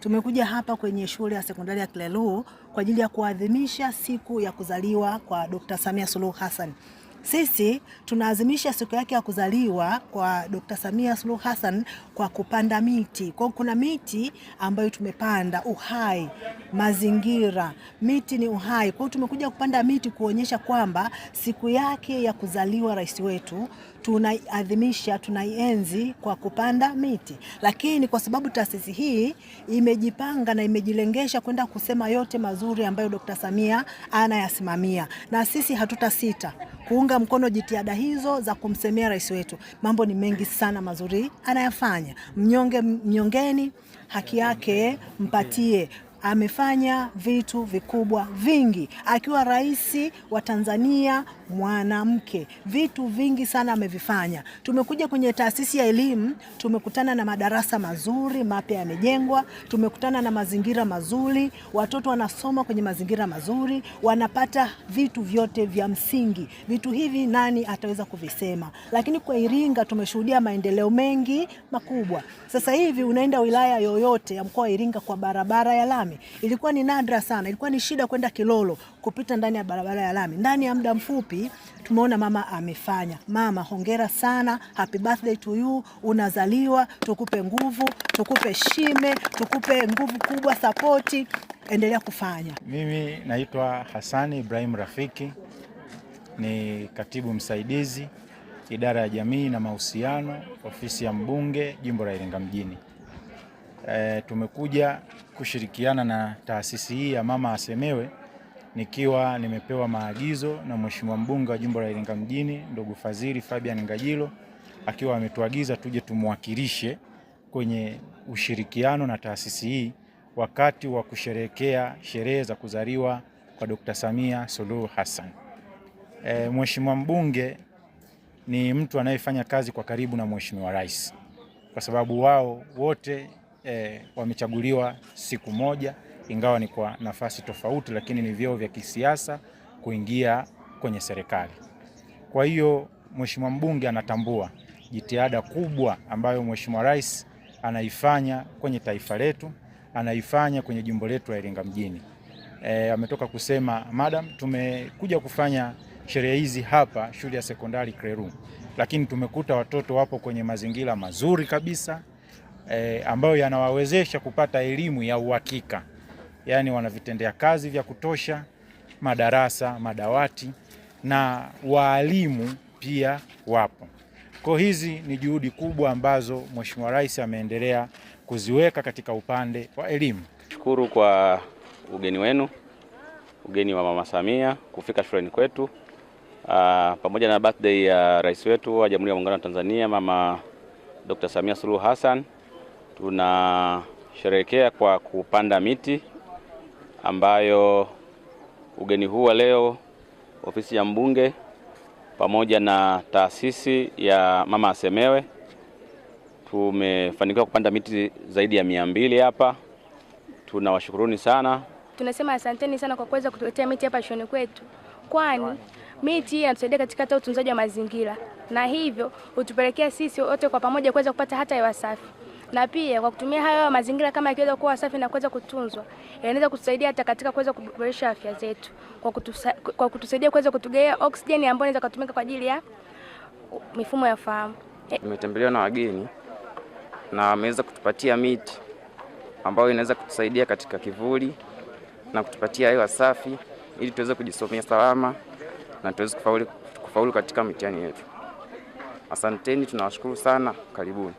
Tumekuja hapa kwenye shule ya sekondari ya kleluu kwa ajili ya kuadhimisha siku ya kuzaliwa kwa Dr. Samia Suluhu Hassan. Sisi tunaazimisha siku yake ya kuzaliwa kwa Dr. Samia Suluhu Hassan kwa kupanda miti. Kwa kuna miti ambayo tumepanda, uhai, mazingira, miti ni uhai. Kwa hiyo tumekuja kupanda miti kuonyesha kwamba siku yake ya kuzaliwa rais wetu tunaiadhimisha, tunaienzi kwa kupanda miti. Lakini kwa sababu taasisi hii imejipanga na imejilengesha kwenda kusema yote mazuri ambayo Dr. Samia anayasimamia, na sisi hatutasita kuunga mkono jitihada hizo za kumsemea rais wetu. Mambo ni mengi sana mazuri anayafanya. Mnyonge mnyongeni, haki yake mpatie amefanya vitu vikubwa vingi akiwa rais wa Tanzania mwanamke, vitu vingi sana amevifanya. Tumekuja kwenye taasisi ya elimu, tumekutana na madarasa mazuri mapya yamejengwa, tumekutana na mazingira mazuri, watoto wanasoma kwenye mazingira mazuri, wanapata vitu vyote vya msingi. Vitu hivi nani ataweza kuvisema? Lakini kwa Iringa tumeshuhudia maendeleo mengi makubwa. Sasa hivi unaenda wilaya yoyote ya mkoa wa Iringa kwa barabara ya lami lami. Ilikuwa ni nadra sana, ilikuwa ni shida kwenda Kilolo kupita ndani ya barabara ya lami. Ndani ya muda mfupi tumeona mama amefanya. Mama, hongera sana, happy birthday to you, unazaliwa, tukupe nguvu, tukupe shime, tukupe nguvu kubwa, sapoti, endelea kufanya. Mimi naitwa Hasani Ibrahim Rafiki, ni katibu msaidizi idara ya jamii na mahusiano, ofisi ya mbunge jimbo la Iringa mjini. E, tumekuja kushirikiana na taasisi hii ya Mama Asemewe nikiwa nimepewa maagizo na Mheshimiwa mbunge wa jimbo la Iringa mjini ndugu Fadhili Fabian Ngajilo akiwa ametuagiza tuje tumwakilishe kwenye ushirikiano na taasisi hii wakati wa kusherehekea sherehe za kuzaliwa kwa Dr. Samia Suluhu Hassan. E, Mheshimiwa mbunge ni mtu anayefanya kazi kwa karibu na Mheshimiwa Rais kwa sababu wao wote e, wamechaguliwa siku moja, ingawa ni kwa nafasi tofauti, lakini ni vyeo vya kisiasa kuingia kwenye serikali. Kwa hiyo mheshimiwa mbunge anatambua jitihada kubwa ambayo mheshimiwa rais anaifanya kwenye taifa letu, anaifanya kwenye jimbo letu la Iringa mjini. E, ametoka kusema madam, tumekuja kufanya sherehe hizi hapa shule ya sekondari Kreru, lakini tumekuta watoto wapo kwenye mazingira mazuri kabisa e, ambayo yanawawezesha kupata elimu ya uhakika, yaani wanavitendea kazi vya kutosha, madarasa, madawati na waalimu pia wapo. Kwa hizi ni juhudi kubwa ambazo Mheshimiwa Rais ameendelea kuziweka katika upande wa elimu. Shukuru kwa ugeni wenu, ugeni wa Mama Samia kufika shuleni kwetu, uh, pamoja na birthday ya rais wetu wa Jamhuri ya Muungano wa Tanzania Mama Dr. Samia Suluhu Hassan. Tunasherehekea kwa kupanda miti ambayo ugeni huu wa leo ofisi ya mbunge pamoja na taasisi ya Mama Asemewe tumefanikiwa kupanda miti zaidi ya mia mbili hapa. Tunawashukuruni sana, tunasema asanteni sana kwa kuweza kutuletea miti hapa shoni kwetu, kwani miti hii inatusaidia katika hata utunzaji wa mazingira na hivyo hutupelekea sisi wote kwa pamoja kuweza kupata hata hewa safi na pia kwa kutumia hayo mazingira kama yakiweza kuwa safi na kuweza kutunzwa, yanaweza kutusaidia hata katika kuweza kuboresha afya zetu kwa, kutusa, kwa kutusaidia kuweza kutugea oksijeni ambayo inaweza kutumika kwa ajili ya mifumo ya fahamu. Tumetembelewa na wageni na wameweza kutupatia miti ambayo inaweza kutusaidia katika kivuli na kutupatia hewa safi ili tuweze kujisomea salama na tuweze kufaulu, kufaulu katika mitihani yetu. Asanteni, tunawashukuru sana, karibuni.